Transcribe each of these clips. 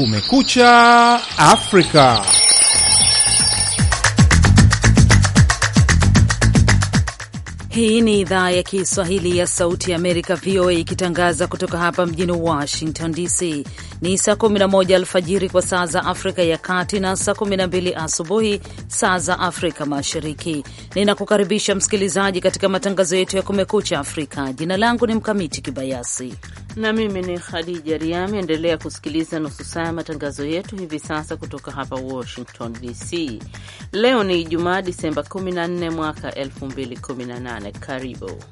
Kumekucha Afrika. Hii ni idhaa ya Kiswahili ya Sauti ya Amerika, VOA, ikitangaza kutoka hapa mjini Washington DC. Ni saa 11 alfajiri kwa saa za Afrika ya Kati na saa 12 asubuhi saa za Afrika Mashariki. Ninakukaribisha msikilizaji katika matangazo yetu ya Kumekucha Afrika. Jina langu ni Mkamiti Kibayasi na mimi ni Khadija Riami. Endelea kusikiliza nusu saa ya matangazo yetu hivi sasa kutoka hapa Washington DC. Leo ni Ijumaa, Disemba 14 mwaka 2018. Karibu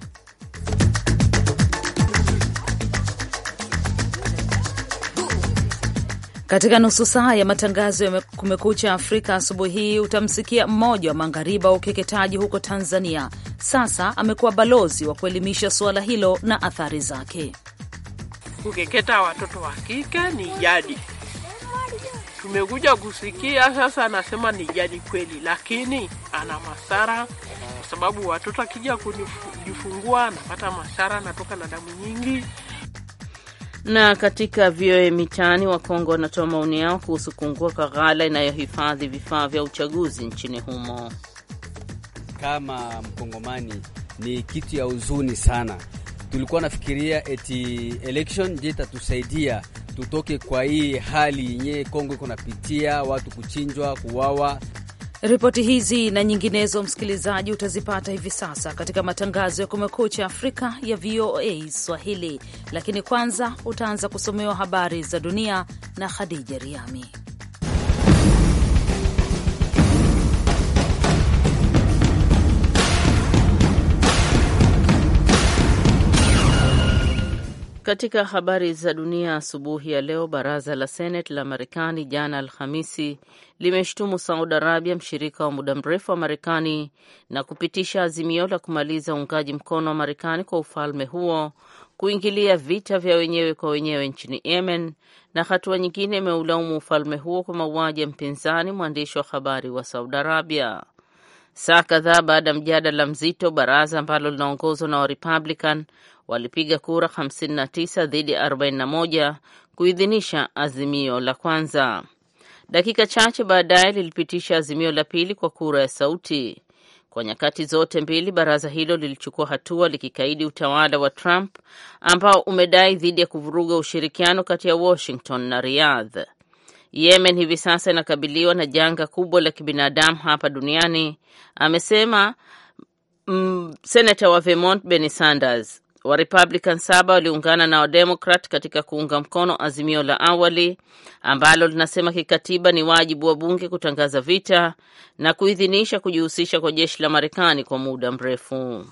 Katika nusu saa ya matangazo ya Kumekucha Afrika asubuhi hii utamsikia mmoja wa maghariba wa ukeketaji huko Tanzania. Sasa amekuwa balozi wa kuelimisha suala hilo na athari zake kukeketa watoto wa kike ni jadi. Tumekuja kusikia sasa, anasema ni jadi kweli, lakini ana masara, kwa sababu watoto akija kujifungua anapata masara, anatoka na damu nyingi. Na katika VOA Mitaani, Wakongo wanatoa maoni yao kuhusu kuungua kwa ghala inayohifadhi vifaa vya uchaguzi nchini humo. Kama Mkongomani, ni kitu ya huzuni sana tulikuwa nafikiria eti election je tatusaidia tutoke kwa hii hali yenye Kongo iko napitia, watu kuchinjwa, kuwawa. Ripoti hizi na nyinginezo, msikilizaji, utazipata hivi sasa katika matangazo ya Kumekucha Afrika ya VOA Swahili, lakini kwanza utaanza kusomewa habari za dunia na Khadija Riami. Katika habari za dunia asubuhi ya leo, baraza la Seneti la Marekani jana Alhamisi limeshutumu Saudi Arabia, mshirika wa muda mrefu wa Marekani, na kupitisha azimio la kumaliza uungaji mkono wa Marekani kwa ufalme huo kuingilia vita vya wenyewe kwa wenyewe nchini Yemen, na hatua nyingine imeulaumu ufalme huo kwa mauaji ya mpinzani mwandishi wa habari wa Saudi Arabia. Saa kadhaa baada ya mjadala mzito, baraza ambalo linaongozwa na Warepublican walipiga kura 59 dhidi ya 41 kuidhinisha azimio la kwanza. Dakika chache baadaye lilipitisha azimio la pili kwa kura ya sauti. Kwa nyakati zote mbili, baraza hilo lilichukua hatua likikaidi utawala wa Trump ambao umedai dhidi ya kuvuruga ushirikiano kati ya Washington na Riyadh. Yemen hivi sasa inakabiliwa na janga kubwa la kibinadamu hapa duniani, amesema mm, senata wa Vermont Bernie Sanders wa Republican saba waliungana na Wademokrat katika kuunga mkono azimio la awali ambalo linasema kikatiba ni wajibu wa bunge kutangaza vita na kuidhinisha kujihusisha kwa jeshi la Marekani kwa muda mrefu.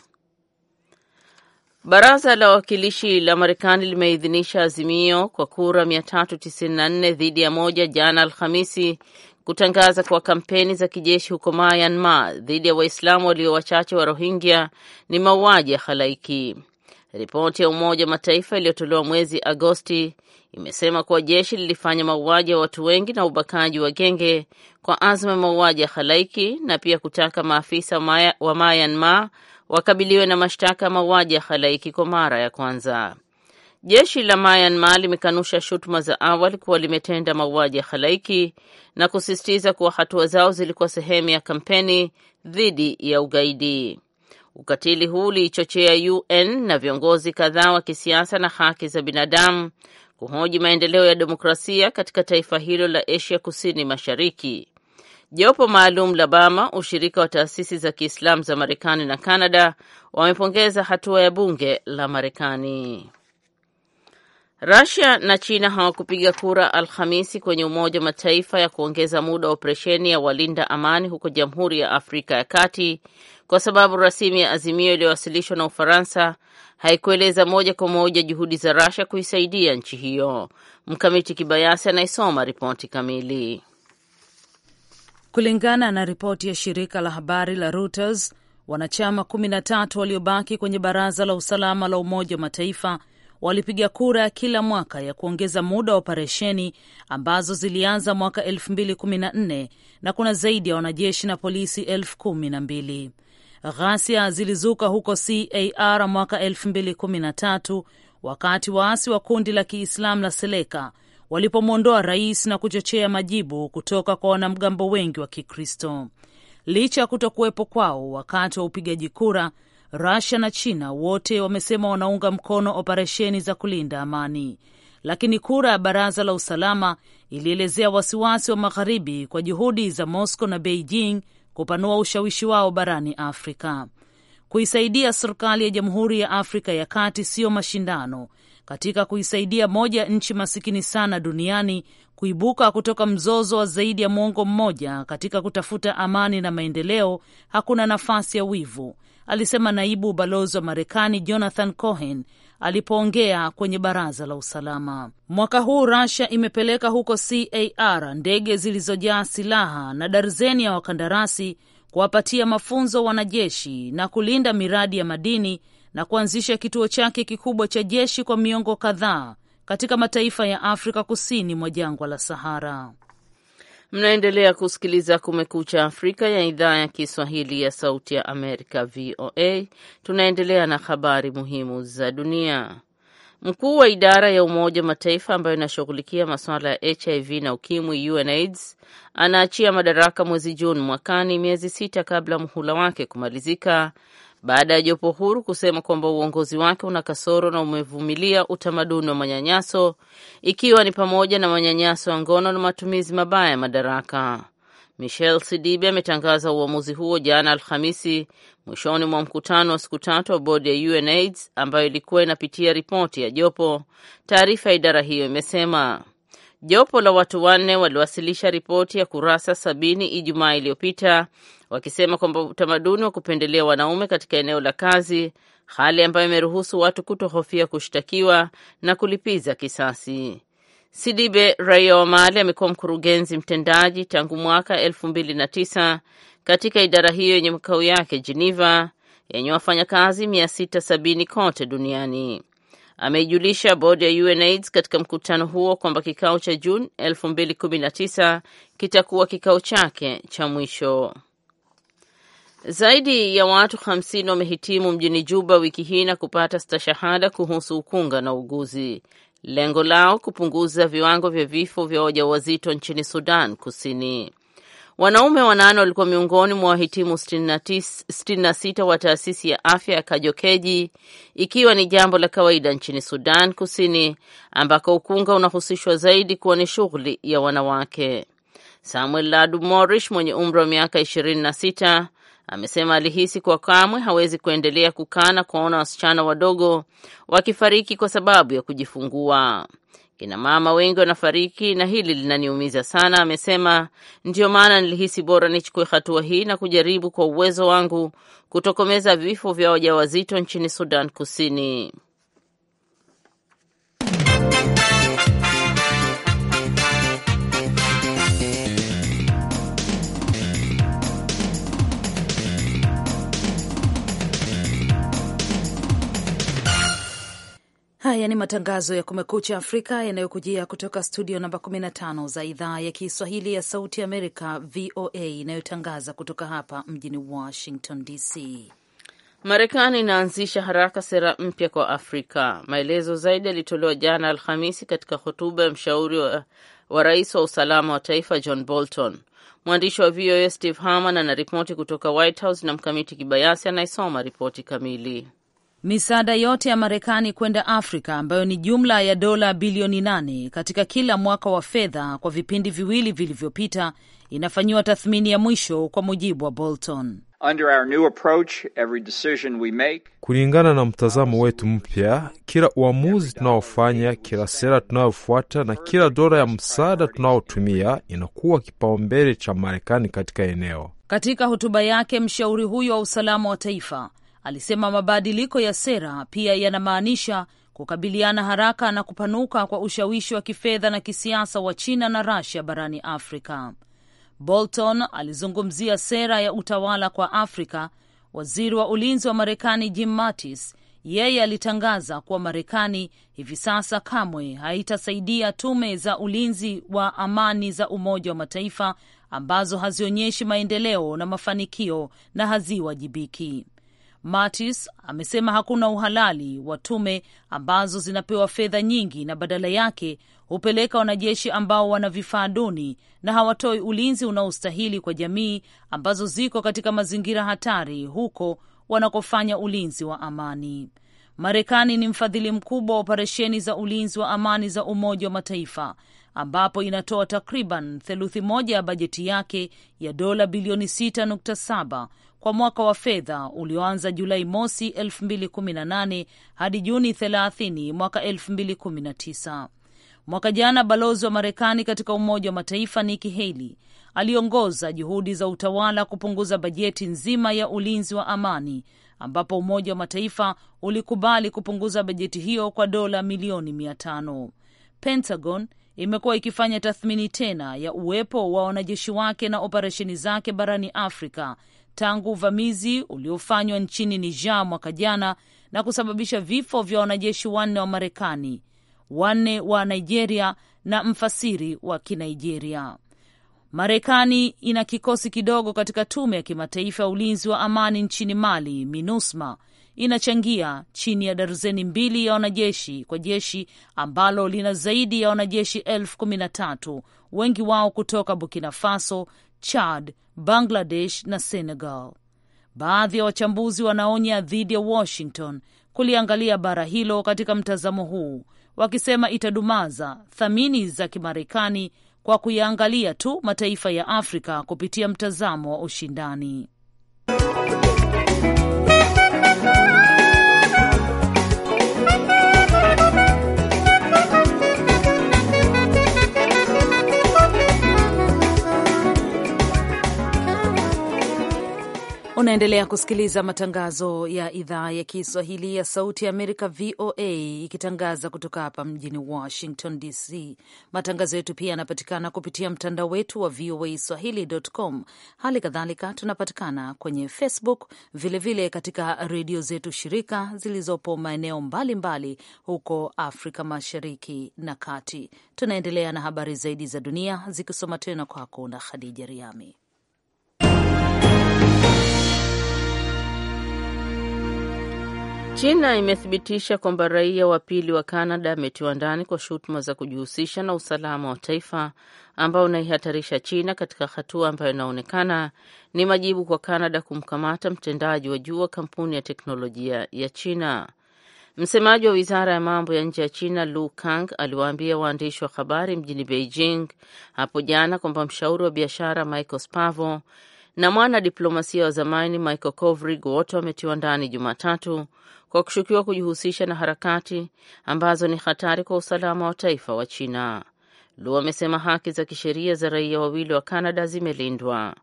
Baraza la Wawakilishi la Marekani limeidhinisha azimio kwa kura 394 dhidi ya moja jana Alhamisi kutangaza kwa kampeni za kijeshi huko Myanmar dhidi ya Waislamu walio wachache wa Rohingya ni mauaji ya halaiki. Ripoti ya Umoja wa Mataifa iliyotolewa mwezi Agosti imesema kuwa jeshi lilifanya mauaji ya watu wengi na ubakaji wa genge kwa azma ya mauaji ya halaiki na pia kutaka maafisa wa Myanmar wakabiliwe na mashtaka ya mauaji ya halaiki kwa mara ya kwanza. Jeshi la Myanmar limekanusha shutuma za awali kuwa limetenda mauaji ya halaiki na kusisitiza kuwa hatua zao zilikuwa sehemu ya kampeni dhidi ya ugaidi. Ukatili huu uliichochea UN na viongozi kadhaa wa kisiasa na haki za binadamu kuhoji maendeleo ya demokrasia katika taifa hilo la Asia Kusini Mashariki. Jopo maalum la Bama, ushirika wa taasisi za Kiislamu za Marekani na Kanada, wamepongeza hatua ya bunge la Marekani. Rusia na China hawakupiga kura Alhamisi kwenye Umoja wa Mataifa ya kuongeza muda wa operesheni ya walinda amani huko Jamhuri ya Afrika ya Kati kwa sababu rasimu ya azimio iliyowasilishwa na Ufaransa haikueleza moja kwa moja juhudi za Rasha kuisaidia nchi hiyo. Mkamiti Kibayasi anaisoma ripoti kamili. Kulingana na ripoti ya shirika la habari la Reuters, wanachama 13 waliobaki kwenye Baraza la Usalama la Umoja wa Mataifa walipiga kura ya kila mwaka ya kuongeza muda wa operesheni ambazo zilianza mwaka 2014 na kuna zaidi ya wanajeshi na polisi elfu kumi na mbili. Ghasia zilizuka huko CAR mwaka 2013 wakati waasi wa kundi la Kiislamu la Seleka walipomwondoa rais na kuchochea majibu kutoka kwa wanamgambo wengi wa Kikristo. Licha ya kutokuwepo kwao wakati wa upigaji kura, rasia na China wote wamesema wanaunga mkono operesheni za kulinda amani, lakini kura ya baraza la usalama ilielezea wasiwasi wa magharibi kwa juhudi za Moscow na Beijing kupanua ushawishi wao barani Afrika. Kuisaidia serikali ya Jamhuri ya Afrika ya Kati siyo mashindano katika kuisaidia moja nchi masikini sana duniani kuibuka kutoka mzozo wa zaidi ya mwongo mmoja katika kutafuta amani na maendeleo. Hakuna nafasi ya wivu, alisema naibu balozi wa Marekani Jonathan Cohen alipoongea kwenye baraza la usalama. Mwaka huu Russia imepeleka huko CAR ndege zilizojaa silaha na darzeni ya wakandarasi kuwapatia mafunzo wanajeshi na kulinda miradi ya madini na kuanzisha kituo chake kikubwa cha jeshi kwa miongo kadhaa katika mataifa ya Afrika kusini mwa jangwa la Sahara. Mnaendelea kusikiliza Kumekucha Afrika ya idhaa ya Kiswahili ya Sauti ya Amerika, VOA. Tunaendelea na habari muhimu za dunia. Mkuu wa idara ya Umoja wa Mataifa ambayo inashughulikia masuala ya HIV na ukimwi, UNAIDS, anaachia madaraka mwezi Juni mwakani, miezi sita kabla muhula wake kumalizika, baada ya jopo huru kusema kwamba uongozi wake una kasoro na umevumilia utamaduni wa manyanyaso ikiwa ni pamoja na manyanyaso ya ngono na matumizi mabaya ya madaraka. Michel Sidibe ametangaza uamuzi huo jana Alhamisi mwishoni mwa mkutano wa siku tatu wa bodi ya UNAIDS ambayo ilikuwa inapitia ripoti ya jopo. Taarifa ya idara hiyo imesema jopo la watu wanne waliwasilisha ripoti ya kurasa sabini Ijumaa iliyopita wakisema kwamba utamaduni wa kupendelea wanaume katika eneo la kazi, hali ambayo imeruhusu watu kutohofia kushtakiwa na kulipiza kisasi. Sidibe raia wa Mali amekuwa mkurugenzi mtendaji tangu mwaka elfu mbili na tisa katika idara hiyo yenye makao yake Geneva yenye wafanyakazi 670 kote duniani. Ameijulisha bodi ya UNAIDS katika mkutano huo kwamba kikao cha Juni 2019 kitakuwa kikao chake cha mwisho. Zaidi ya watu hamsini wamehitimu mjini Juba wiki hii na kupata stashahada kuhusu ukunga na uguzi Lengo lao kupunguza viwango vya vifo vya wajawazito nchini Sudan Kusini. Wanaume wanane walikuwa miongoni mwa wahitimu 66 wa taasisi ya afya ya Kajokeji, ikiwa ni jambo la kawaida nchini Sudan Kusini, ambako ukunga unahusishwa zaidi kuwa ni shughuli ya wanawake. Samuel Ladu Morish mwenye umri wa miaka 26 amesema alihisi kwa kamwe hawezi kuendelea kukana kuwaona wasichana wadogo wakifariki kwa sababu ya kujifungua. Kina mama wengi wanafariki na hili linaniumiza sana, amesema. Ndiyo maana nilihisi bora nichukue hatua hii na kujaribu kwa uwezo wangu kutokomeza vifo vya wajawazito nchini Sudan Kusini. Haya ni matangazo ya Kumekucha Afrika yanayokujia kutoka studio namba 15 za idhaa ya Kiswahili ya Sauti Amerika, VOA, inayotangaza kutoka hapa mjini Washington DC. Marekani inaanzisha haraka sera mpya kwa Afrika. Maelezo zaidi yalitolewa jana Alhamisi katika hotuba ya mshauri wa, wa rais wa usalama wa taifa John Bolton. Mwandishi wa VOA Steve Harman anaripoti kutoka White House na Mkamiti Kibayasi anayesoma ripoti kamili misaada yote ya Marekani kwenda Afrika ambayo ni jumla ya dola bilioni nane katika kila mwaka wa fedha kwa vipindi viwili vilivyopita inafanyiwa tathmini ya mwisho kwa mujibu wa Bolton. Under our new approach, every decision we make... kulingana na mtazamo wetu mpya, kila uamuzi tunaofanya, kila sera tunayofuata na kila dola ya msaada tunaotumia inakuwa kipaumbele cha Marekani katika eneo. Katika hotuba yake, mshauri huyo wa usalama wa taifa Alisema mabadiliko ya sera pia yanamaanisha kukabiliana haraka na kupanuka kwa ushawishi wa kifedha na kisiasa wa China na Russia barani Afrika. Bolton alizungumzia sera ya utawala kwa Afrika. Waziri wa ulinzi wa Marekani Jim Mattis yeye alitangaza kuwa Marekani hivi sasa kamwe haitasaidia tume za ulinzi wa amani za Umoja wa Mataifa ambazo hazionyeshi maendeleo na mafanikio na haziwajibiki. Mattis amesema hakuna uhalali wa tume ambazo zinapewa fedha nyingi na badala yake hupeleka wanajeshi ambao wana vifaa duni na hawatoi ulinzi unaostahili kwa jamii ambazo ziko katika mazingira hatari huko wanakofanya ulinzi wa amani. Marekani ni mfadhili mkubwa wa operesheni za ulinzi wa amani za Umoja wa Mataifa ambapo inatoa takriban theluthi moja ya bajeti yake ya dola bilioni 6.7 kwa mwaka wa fedha ulioanza Julai mosi 2018 hadi Juni 30 mwaka 2019. Mwaka jana balozi wa Marekani katika Umoja wa Mataifa Nikki Haley aliongoza juhudi za utawala kupunguza bajeti nzima ya ulinzi wa amani, ambapo Umoja wa Mataifa ulikubali kupunguza bajeti hiyo kwa dola milioni mia tano. Pentagon imekuwa ikifanya tathmini tena ya uwepo wa wanajeshi wake na operesheni zake barani Afrika tangu uvamizi uliofanywa nchini Niger mwaka jana na kusababisha vifo vya wanajeshi wanne wa Marekani, wanne wa Nigeria na mfasiri wa Kinigeria. Marekani ina kikosi kidogo katika tume ya kimataifa ya ulinzi wa amani nchini Mali, MINUSMA, inachangia chini ya darzeni mbili ya wanajeshi kwa jeshi ambalo lina zaidi ya wanajeshi elfu kumi na tatu, wengi wao kutoka Burkina Faso, Chad, Bangladesh na Senegal. Baadhi ya wachambuzi wanaonya dhidi ya Washington kuliangalia bara hilo katika mtazamo huu, wakisema itadumaza thamini za Kimarekani kwa kuyaangalia tu mataifa ya Afrika kupitia mtazamo wa ushindani. Unaendelea kusikiliza matangazo ya idhaa ya Kiswahili ya Sauti ya Amerika, VOA, ikitangaza kutoka hapa mjini Washington DC. Matangazo yetu pia yanapatikana kupitia mtandao wetu wa VOA swahili.com. Hali kadhalika tunapatikana kwenye Facebook, vilevile vile katika redio zetu shirika zilizopo maeneo mbalimbali mbali huko Afrika Mashariki na Kati. Tunaendelea na habari zaidi za dunia, zikisoma tena kwako na Khadija Riami. China imethibitisha kwamba raia wa pili wa canada ametiwa ndani kwa shutuma za kujihusisha na usalama wa taifa ambao unaihatarisha China, katika hatua ambayo inaonekana ni majibu kwa canada kumkamata mtendaji wa juu wa kampuni ya teknolojia ya China. Msemaji wa wizara ya mambo ya nje ya China Lu Kang aliwaambia waandishi wa habari mjini Beijing hapo jana kwamba mshauri wa biashara Michael Spavo na mwana diplomasia wa zamani Michael Kovrig wote wametiwa ndani Jumatatu kwa kushukiwa kujihusisha na harakati ambazo ni hatari kwa usalama wa taifa wa China. Lu amesema haki za kisheria za raia wawili wa canada zimelindwa.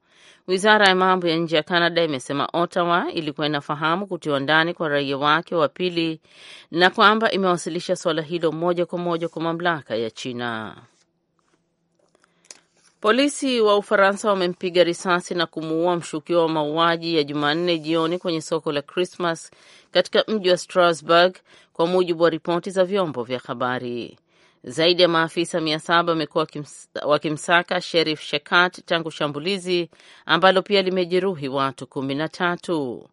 Wizara ya mambo ya nje ya canada imesema Ottawa ilikuwa inafahamu kutiwa ndani kwa raia wake wa pili na kwamba imewasilisha suala hilo moja kwa moja kwa mamlaka ya China. Polisi wa Ufaransa wamempiga risasi na kumuua mshukiwa wa mauaji ya Jumanne jioni kwenye soko la Krismas katika mji wa Strasbourg, kwa mujibu wa ripoti za vyombo vya habari. Zaidi ya maafisa mia saba wamekuwa wakimsaka Sherif Shekat tangu shambulizi ambalo pia limejeruhi watu kumi na tatu.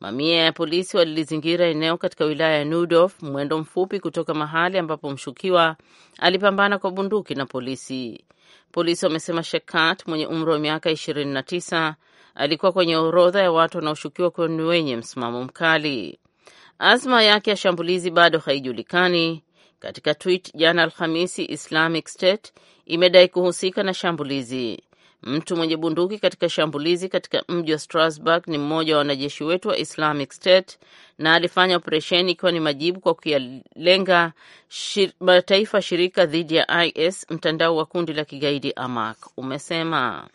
Mamia ya polisi walilizingira eneo katika wilaya ya Nudorf, mwendo mfupi kutoka mahali ambapo mshukiwa alipambana kwa bunduki na polisi. Polisi wamesema Shekat mwenye umri wa miaka 29 alikuwa kwenye orodha ya watu wanaoshukiwa kuwa ni wenye msimamo mkali. Azma yake ya shambulizi bado haijulikani. Katika tweet jana Alhamisi, Islamic State imedai kuhusika na shambulizi. Mtu mwenye bunduki katika shambulizi katika mji wa Strasbourg ni mmoja wa wanajeshi wetu wa Islamic State na alifanya operesheni ikiwa ni majibu kwa kuyalenga shir, mataifa shirika dhidi ya IS, mtandao wa kundi la kigaidi Amaq umesema.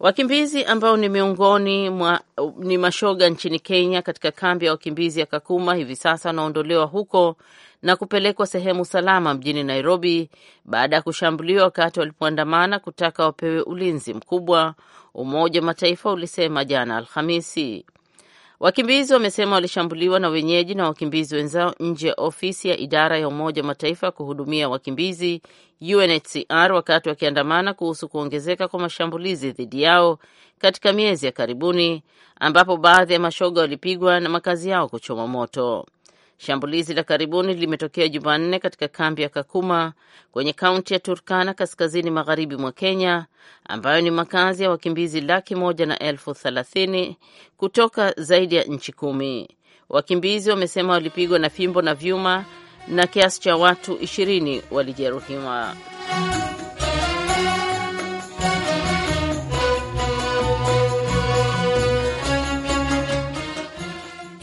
Wakimbizi ambao ni miongoni mwa ni mashoga nchini Kenya katika kambi ya wakimbizi ya Kakuma hivi sasa wanaondolewa huko na kupelekwa sehemu salama mjini Nairobi baada ya kushambuliwa wakati walipoandamana kutaka wapewe ulinzi mkubwa, Umoja wa Mataifa ulisema jana Alhamisi. Wakimbizi wamesema walishambuliwa na wenyeji na wakimbizi wenzao nje ya ofisi ya idara ya Umoja wa Mataifa kuhudumia wakimbizi UNHCR wakati wakiandamana kuhusu kuongezeka kwa mashambulizi dhidi yao katika miezi ya karibuni, ambapo baadhi ya mashoga walipigwa na makazi yao kuchoma moto. Shambulizi la karibuni limetokea Jumanne katika kambi ya Kakuma kwenye kaunti ya Turkana kaskazini magharibi mwa Kenya, ambayo ni makazi ya wakimbizi laki moja na elfu thelathini kutoka zaidi ya nchi kumi. Wakimbizi wamesema walipigwa na fimbo na vyuma na kiasi cha watu ishirini walijeruhiwa.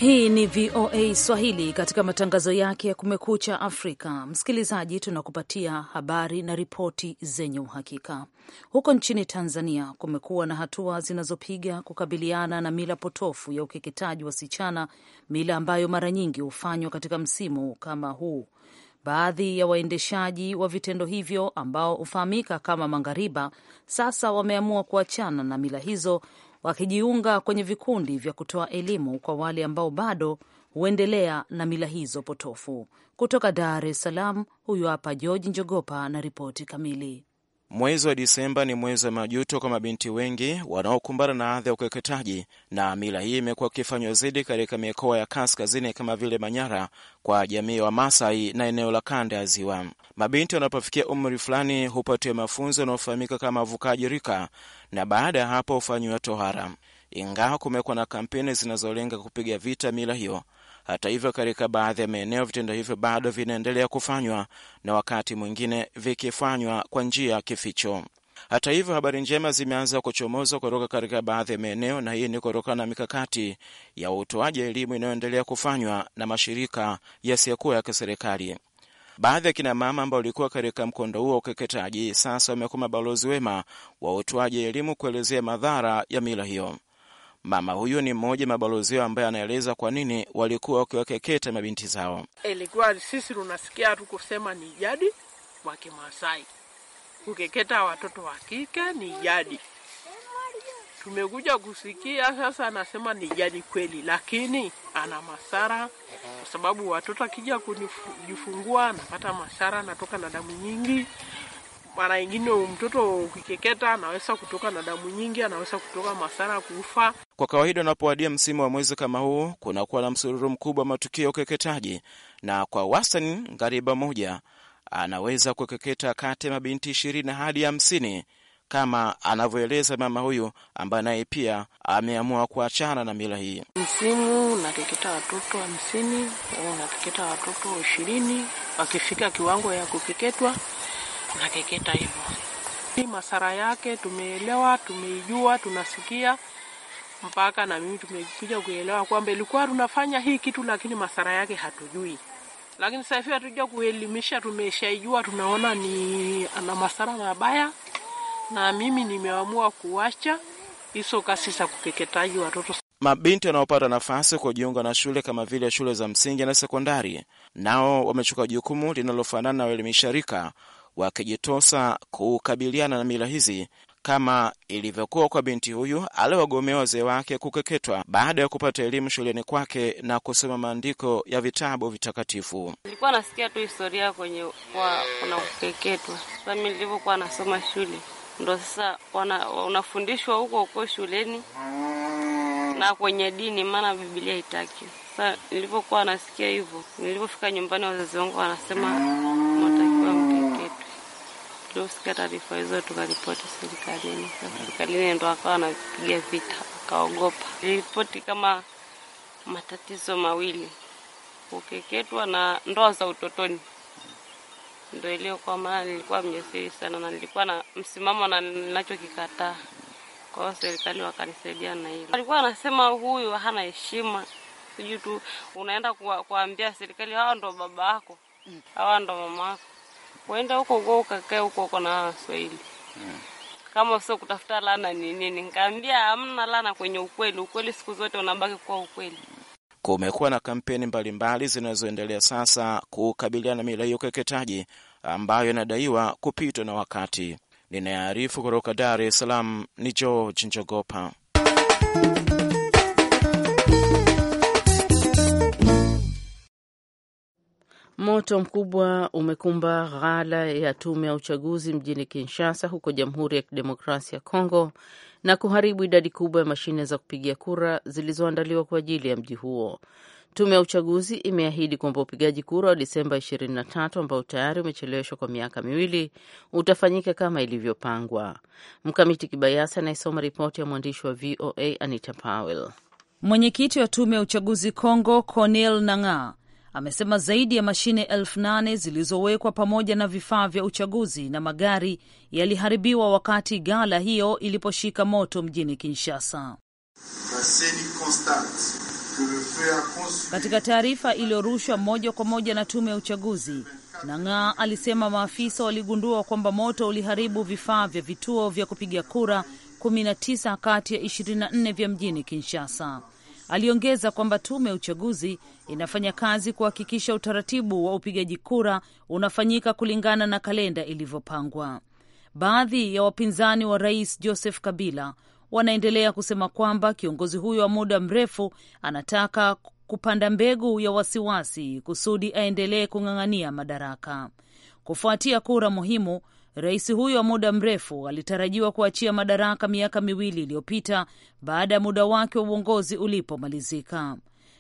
Hii ni VOA Swahili katika matangazo yake ya Kumekucha Afrika. Msikilizaji, tunakupatia habari na ripoti zenye uhakika. Huko nchini Tanzania kumekuwa na hatua zinazopiga kukabiliana na mila potofu ya ukeketaji wasichana, mila ambayo mara nyingi hufanywa katika msimu kama huu. Baadhi ya waendeshaji wa vitendo hivyo ambao hufahamika kama mangariba sasa wameamua kuachana na mila hizo wakijiunga kwenye vikundi vya kutoa elimu kwa wale ambao bado huendelea na mila hizo potofu. Kutoka Dar es Salaam, huyu hapa George Njogopa na ripoti kamili. Mwezi wa Disemba ni mwezi wa majuto kwa mabinti wengi wanaokumbana na adha ya ukeketaji, na mila hii imekuwa ikifanywa zaidi katika mikoa ya kaskazini kama vile Manyara kwa jamii wa Masai na eneo la kanda ya Ziwa. Mabinti wanapofikia umri fulani hupatiwa mafunzo yanayofahamika kama vukaji rika, na baada ya hapo hufanyiwa tohara. Ingawa kumekuwa na kampeni zinazolenga kupiga vita mila hiyo, hata hivyo, katika baadhi ya maeneo vitendo hivyo bado vinaendelea kufanywa na wakati mwingine vikifanywa kwa njia ya kificho. Hata hivyo, habari njema zimeanza kuchomoza kutoka katika baadhi ya maeneo, na hii ni kutokana na mikakati ya utoaji elimu inayoendelea kufanywa na mashirika yasiyokuwa ya kiserikali. Baadhi ya kinamama ambao walikuwa katika mkondo huo wa ukeketaji sasa wamekuwa mabalozi wema wa utoaji elimu kuelezea madhara ya mila hiyo. Mama huyu ni mmoja mabalozi wao ambaye anaeleza kwa nini walikuwa wakiwakeketa mabinti zao. Ilikuwa sisi tunasikia tu kusema ni jadi wa Kimasai kukeketa watoto wa kike ni jadi. Tumekuja kusikia sasa, anasema ni jadi kweli, lakini ana masara, kwa sababu watoto akija kujifungua anapata masara, anatoka na damu nyingi mara nyingine mtoto ukikeketa anaweza kutoka na damu nyingi, anaweza kutoka masara kufa. Kwa kawaida unapowadia msimu wa mwezi kama huu, kunakuwa na msururu mkubwa wa matukio ya ukeketaji, na kwa wastani ngariba moja anaweza kukeketa kati ya mabinti ishirini hadi hamsini kama anavyoeleza mama huyu ambaye naye pia ameamua kuachana na mila hii. Msimu unakeketa watoto hamsini, unakeketa watoto ishirini, wakifika kiwango ya kukeketwa tunakeketa hivyo. Hii masara yake tumeelewa, tumeijua, tunasikia mpaka na mimi tumekuja kuelewa kwamba ilikuwa tunafanya hii kitu, lakini masara yake hatujui. Lakini sasa hivi hatuja kuelimisha, tumeshaijua, tunaona ni ana masara mabaya, na mimi nimeamua kuacha hizo kasi za kukeketaji watoto. Mabinti wanaopata nafasi kujiunga na shule kama vile shule za msingi na sekondari, nao wamechukua jukumu linalofanana na uelimisha rika wakijitosa kukabiliana na mila hizi kama ilivyokuwa kwa binti huyu aliwagomea wazee wake kukeketwa baada ya kupata elimu shuleni kwake na kusoma maandiko ya vitabu vitakatifu. Nilikuwa nasikia tu historia kwenye kwa kuna kukeketwa. Sasa mi nilivyokuwa nasoma shule ndo sasa unafundishwa huko huko shuleni na kwenye dini, maana Bibilia itaki. Sasa nilivyokuwa nasikia hivyo, nilivyofika nyumbani wazazi wangu wanasema tuliosikia taarifa hizo tukaripoti serikalini. Serikalini ndo akawa anapiga vita, akaogopa. Ripoti kama matatizo mawili, ukeketwa na ndoa za utotoni ndo iliyokuwa, maana nilikuwa mjasiri sana na nilikuwa na msimamo na ninachokikataa. Kwa hiyo serikali wakanisaidia na hilo. Alikuwa anasema huyu hana heshima, sijui tu unaenda kuwaambia serikali hawa ndo baba yako, mm. hawa ndo mama yako. Uenda huko huko ukakae huko huko na Waswahili mm. Kama sio kutafuta lana ni nini? Nikamwambia hamna lana kwenye ukweli. Ukweli siku zote unabaki kuwa ukweli. Kumekuwa na kampeni mbalimbali zinazoendelea sasa kukabiliana na mila ya ukeketaji ambayo inadaiwa kupitwa na wakati. Ninayearifu kutoka Dar es Salaam ni George Njogopa. Moto mkubwa umekumba ghala ya tume ya uchaguzi mjini Kinshasa huko Jamhuri ya Kidemokrasia ya Kongo na kuharibu idadi kubwa ya mashine za kupigia kura zilizoandaliwa kwa ajili ya mji huo. Tume ya uchaguzi imeahidi kwamba upigaji kura wa Disemba 23 ambao tayari umecheleweshwa kwa miaka miwili utafanyika kama ilivyopangwa. Mkamiti Kibayasi anayesoma ripoti ya mwandishi wa VOA Anita Powell. Mwenyekiti wa tume ya uchaguzi congo Cornel Nanga amesema zaidi ya mashine elfu nane zilizowekwa pamoja na vifaa vya uchaguzi na magari yaliharibiwa wakati ghala hiyo iliposhika moto mjini Kinshasa. Katika taarifa iliyorushwa moja kwa moja na tume ya uchaguzi, Nangaa alisema maafisa waligundua kwamba moto uliharibu vifaa vya vituo vya kupiga kura 19 kati ya 24 vya mjini Kinshasa. Aliongeza kwamba tume ya uchaguzi inafanya kazi kuhakikisha utaratibu wa upigaji kura unafanyika kulingana na kalenda ilivyopangwa. Baadhi ya wapinzani wa rais Joseph Kabila wanaendelea kusema kwamba kiongozi huyo wa muda mrefu anataka kupanda mbegu ya wasiwasi kusudi aendelee kung'ang'ania madaraka. Kufuatia kura muhimu, Rais huyo wa muda mrefu alitarajiwa kuachia madaraka miaka miwili iliyopita baada ya muda wake wa uongozi ulipomalizika.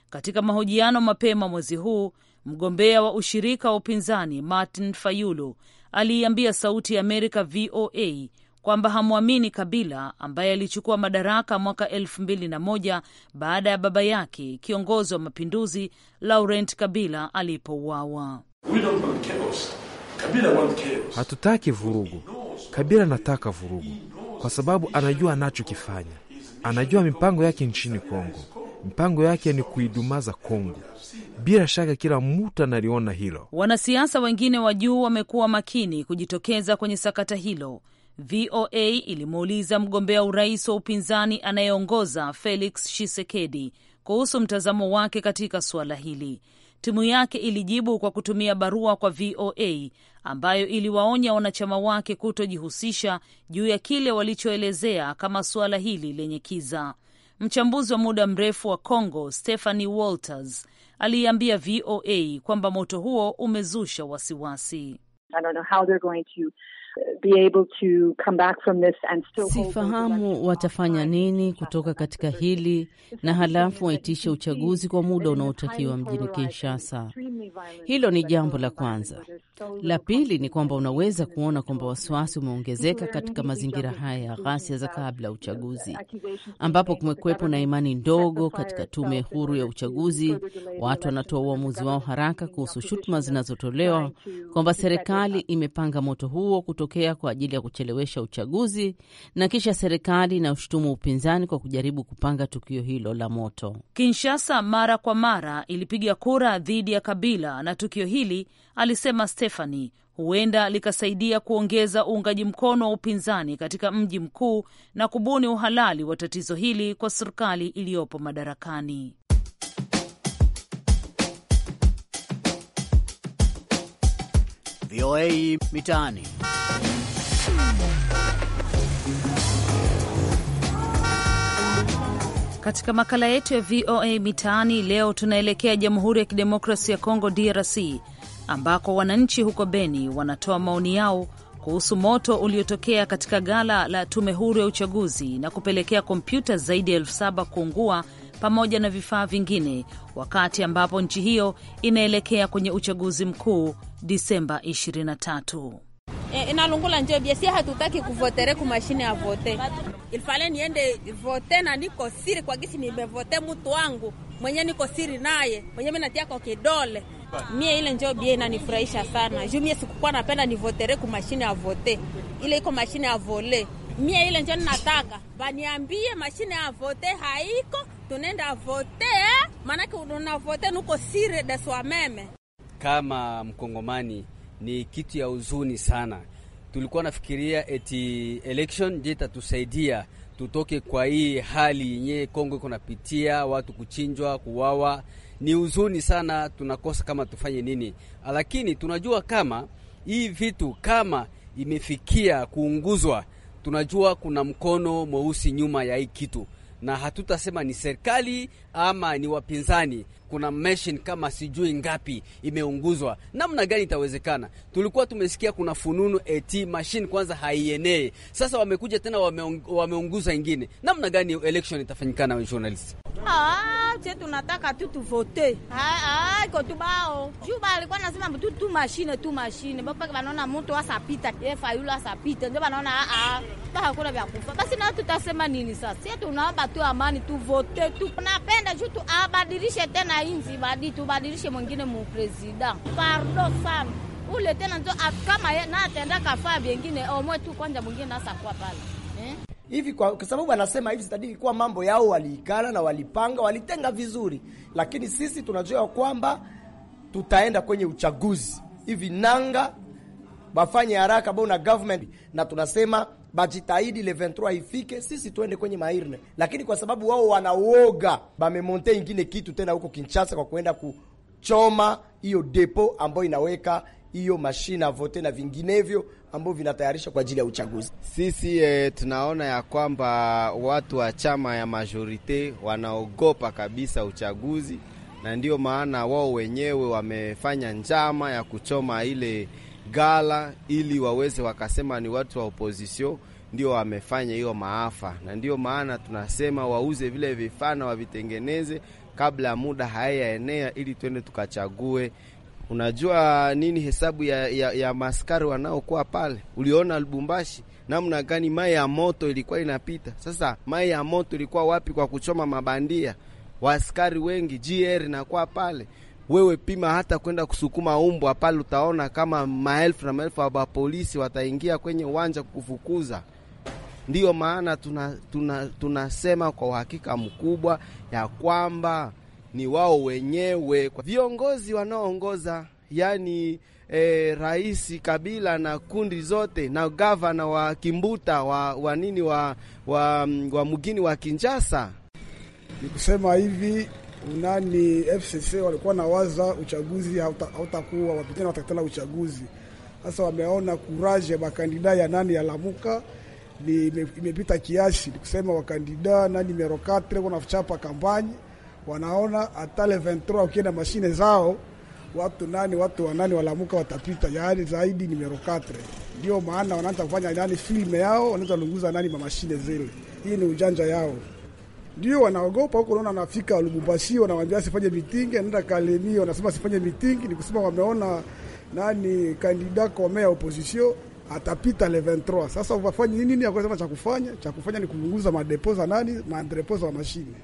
Katika mahojiano mapema mwezi huu, mgombea wa ushirika wa upinzani Martin Fayulu aliiambia Sauti ya Amerika VOA kwamba hamwamini Kabila ambaye alichukua madaraka mwaka elfu mbili na moja baada ya baba yake kiongozi wa mapinduzi Laurent Kabila alipouawa. Hatutaki vurugu. Kabila anataka vurugu kwa sababu anajua anachokifanya, anajua mipango yake nchini Kongo. Mipango yake ni kuidumaza Kongo. Bila shaka kila mtu analiona hilo. Wanasiasa wengine wa juu wamekuwa makini kujitokeza kwenye sakata hilo. VOA ilimuuliza mgombea urais wa upinzani anayeongoza Felix Tshisekedi kuhusu mtazamo wake katika suala hili timu yake ilijibu kwa kutumia barua kwa VOA ambayo iliwaonya wanachama wake kutojihusisha juu ya kile walichoelezea kama suala hili lenye kiza. Mchambuzi wa muda mrefu wa Congo Stephanie Walters aliambia VOA kwamba moto huo umezusha wasiwasi. I don't know how Sifahamu watafanya nini kutoka katika hili na halafu waitishe uchaguzi kwa muda unaotakiwa mjini Kinshasa. Hilo ni jambo la kwanza. La pili ni kwamba unaweza kuona kwamba wasiwasi umeongezeka katika mazingira haya ya ghasia za kabla ya uchaguzi, ambapo kumekuwepo na imani ndogo katika tume huru ya uchaguzi. Watu wanatoa uamuzi wao haraka kuhusu shutuma zinazotolewa kwamba serikali imepanga moto huo kuto kutokea kwa ajili ya kuchelewesha uchaguzi na kisha serikali inashutumu upinzani kwa kujaribu kupanga tukio hilo la moto. Kinshasa mara kwa mara ilipiga kura dhidi ya Kabila na tukio hili, alisema Stefani, huenda likasaidia kuongeza uungaji mkono wa upinzani katika mji mkuu na kubuni uhalali wa tatizo hili kwa serikali iliyopo madarakani. VOA Mitaani. Katika makala yetu ya VOA Mitaani leo tunaelekea Jamhuri ya kidemokrasia ya Kongo, DRC, ambako wananchi huko Beni wanatoa maoni yao kuhusu moto uliotokea katika gala la tume huru ya uchaguzi na kupelekea kompyuta zaidi ya elfu saba kuungua pamoja na vifaa vingine, wakati ambapo nchi hiyo inaelekea kwenye uchaguzi mkuu Disemba 23. E, eh, inalungula eh, njo biesia hatutaki kuvotere ku mashine ya vote. Ilfale niende vote na niko siri kwa gisi nimevote mtu wangu mwenye niko siri naye mwenye mi natia kwa kidole. Mie ile njo bie inanifurahisha sana. ju mie sikukuwa napenda nivotere ku mashine ya vote. Ile iko mashine ya vole. Mie ile njo ninataka baniambie mashine ya vote haiko, tunenda vote maanake unavote nuko siri deswa meme kama Mkongomani ni kitu ya huzuni sana. Tulikuwa nafikiria eti election je itatusaidia tutoke kwa hii hali yenye Kongo iko napitia, watu kuchinjwa, kuwawa. Ni huzuni sana, tunakosa kama tufanye nini, lakini tunajua kama hii vitu kama imefikia kuunguzwa, tunajua kuna mkono mweusi nyuma ya hii kitu, na hatutasema ni serikali ama ni wapinzani, kuna machine kama sijui ngapi imeunguzwa. Namna gani itawezekana? Tulikuwa tumesikia kuna fununu eti machine kwanza haienee, sasa wamekuja tena wameunguza wame ingine. Namna gani election itafanyikana? We journalist Ah, che ah, tunataka tu tuvote. Ah, ah, iko tu bao. Juba alikuwa anasema tu tu mashine tu mashine. Baba banaona mtu asapita, yeye fayulu asapita. Ndio banaona ah ah. Baba hakuna vya kufa. Basi na tutasema nini sasa? Sisi tunaomba tu amani tu vote tu. napenda tunaenda juu abadilishe tena inzi badi tubadilishe mwingine president. Pardon sana ule tena ndo kama atenda kafaa vyengine omwe tu kwanza mwingine nasa kwa pale eh? hivi kwa, kwa sababu anasema hivi sitadiki kuwa mambo yao waliikana na walipanga walitenga vizuri, lakini sisi tunajua kwamba tutaenda kwenye uchaguzi hivi nanga bafanye haraka bona government na tunasema bajitahidi le 23 ifike, sisi tuende kwenye mairne, lakini kwa sababu wao wanaoga, bamemonte ingine kitu tena huko Kinshasa kwa kuenda kuchoma hiyo depo ambayo inaweka hiyo mashina vote na vinginevyo ambao vinatayarisha kwa ajili ya uchaguzi. Sisi e, tunaona ya kwamba watu wa chama ya majorite wanaogopa kabisa uchaguzi, na ndio maana wao wenyewe wamefanya njama ya kuchoma ile gala ili waweze wakasema ni watu wa opposition ndio wamefanya hiyo maafa, na ndio maana tunasema wauze vile vifaa na wavitengeneze kabla ya muda hayaenea, ili twende tukachague. Unajua nini hesabu ya, ya, ya maskari wanaokuwa pale? Uliona Lubumbashi namna gani mai ya moto ilikuwa inapita. Sasa mai ya moto ilikuwa wapi? Kwa kuchoma mabandia, waskari wengi, GR inakuwa pale wewe pima hata kwenda kusukuma umbwa pale, utaona kama maelfu na maelfu ya polisi wataingia kwenye uwanja kukufukuza. Ndiyo maana tunasema tuna, tuna kwa uhakika mkubwa ya kwamba ni wao wenyewe viongozi wanaoongoza yani e, Rais Kabila na kundi zote na gavana wa Kimbuta wa, wa nini wa, wa, wa mgini wa Kinjasa. Ni kusema hivi unani FCC walikuwa na waza uchaguzi hautakuwa wapitana, watakutana uchaguzi sasa. Wameona kuraje makandida ya nani ya Lamuka ni imepita kiasi, ni kusema wakandida nani numero 4 wanachapa kampanye, wanaona hata le 23 ukienda mashine zao watu nani watu wanani walamuka watapita, yaani zaidi numero 4. Ndio maana wanaanza kufanya nani filme yao, wanaanza lunguza nani mamashine zile. Hii ni ujanja yao ndio wanaogopa huko. Unaona, anafika Lubumbashi, wanawambia sifanye mitingi, anaenda Kalemi, wanasema sifanye mitingi. Ni kusema wameona nani kandida kwa ya opposition atapita le 23. Sasa wafanye nini? Nini akosema cha kufanya? Cha kufanya ni kupunguza madepo za nani, madepo za mashine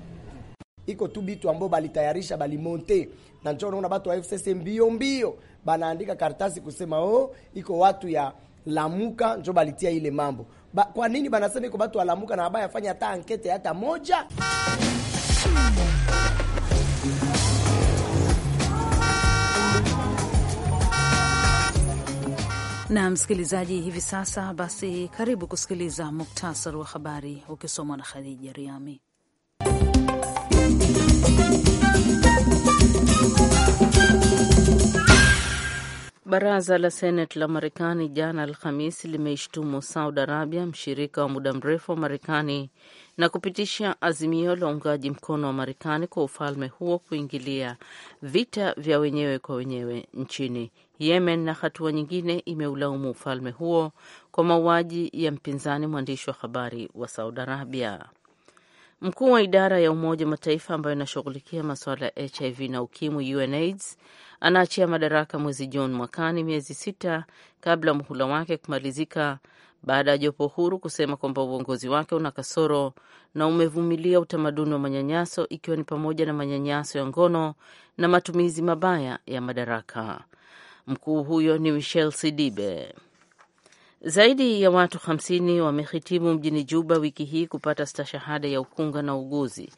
iko tu bitu ambao balitayarisha balimonte na njoo unaona watu wa FCC mbio mbio banaandika karatasi kusema oh, iko watu ya Lamuka njoo balitia ile mambo ba, kwa nini banasema iko batu alamuka na abaya fanya hata ankete hata moja? na msikilizaji, hivi sasa basi, karibu kusikiliza muktasari wa habari ukisomwa na Khadija Riami. Baraza la Seneti la Marekani jana Alhamis limeishtumu Saudi Arabia, mshirika wa muda mrefu wa Marekani, na kupitisha azimio la uungaji mkono wa Marekani kwa ufalme huo kuingilia vita vya wenyewe kwa wenyewe nchini Yemen, na hatua nyingine imeulaumu ufalme huo kwa mauaji ya mpinzani mwandishi wa habari wa Saudi Arabia. Mkuu wa idara ya Umoja wa Mataifa ambayo inashughulikia masuala ya HIV na ukimwi, UNAIDS anaachia madaraka mwezi Juni mwakani, miezi sita kabla muhula wake kumalizika, baada ya jopo huru kusema kwamba uongozi wake una kasoro na umevumilia utamaduni wa manyanyaso, ikiwa ni pamoja na manyanyaso ya ngono na matumizi mabaya ya madaraka. Mkuu huyo ni Michel Sidibe. Zaidi ya watu 50 wamehitimu mjini Juba wiki hii kupata stashahada ya ukunga na uguzi,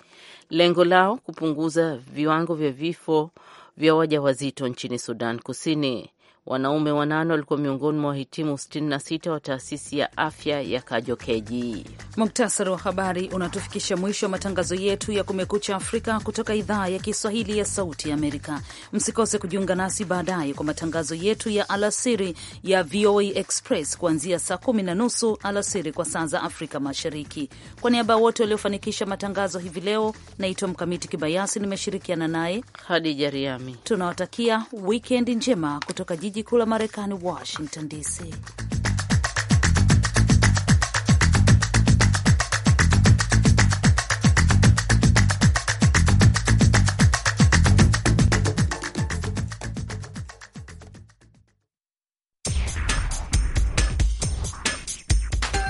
lengo lao kupunguza viwango vya vifo vya wajawazito nchini Sudan Kusini. Wanaume wanane walikuwa miongoni mwa wahitimu 66 wa taasisi ya afya ya Kajokeji. Muktasari wa habari unatufikisha mwisho wa matangazo yetu ya Kumekucha Afrika kutoka idhaa ya Kiswahili ya Sauti ya Amerika. Msikose kujiunga nasi baadaye kwa matangazo yetu ya alasiri ya VOA Express kuanzia saa kumi na nusu alasiri kwa saa za Afrika Mashariki. Kwa niaba ya wote waliofanikisha matangazo hivi leo, naitwa Mkamiti Kibayasi, nimeshirikiana naye Hadija Riami. Tunawatakia wikendi njema kutoka jiji jiji kuu la Marekani, Washington DC.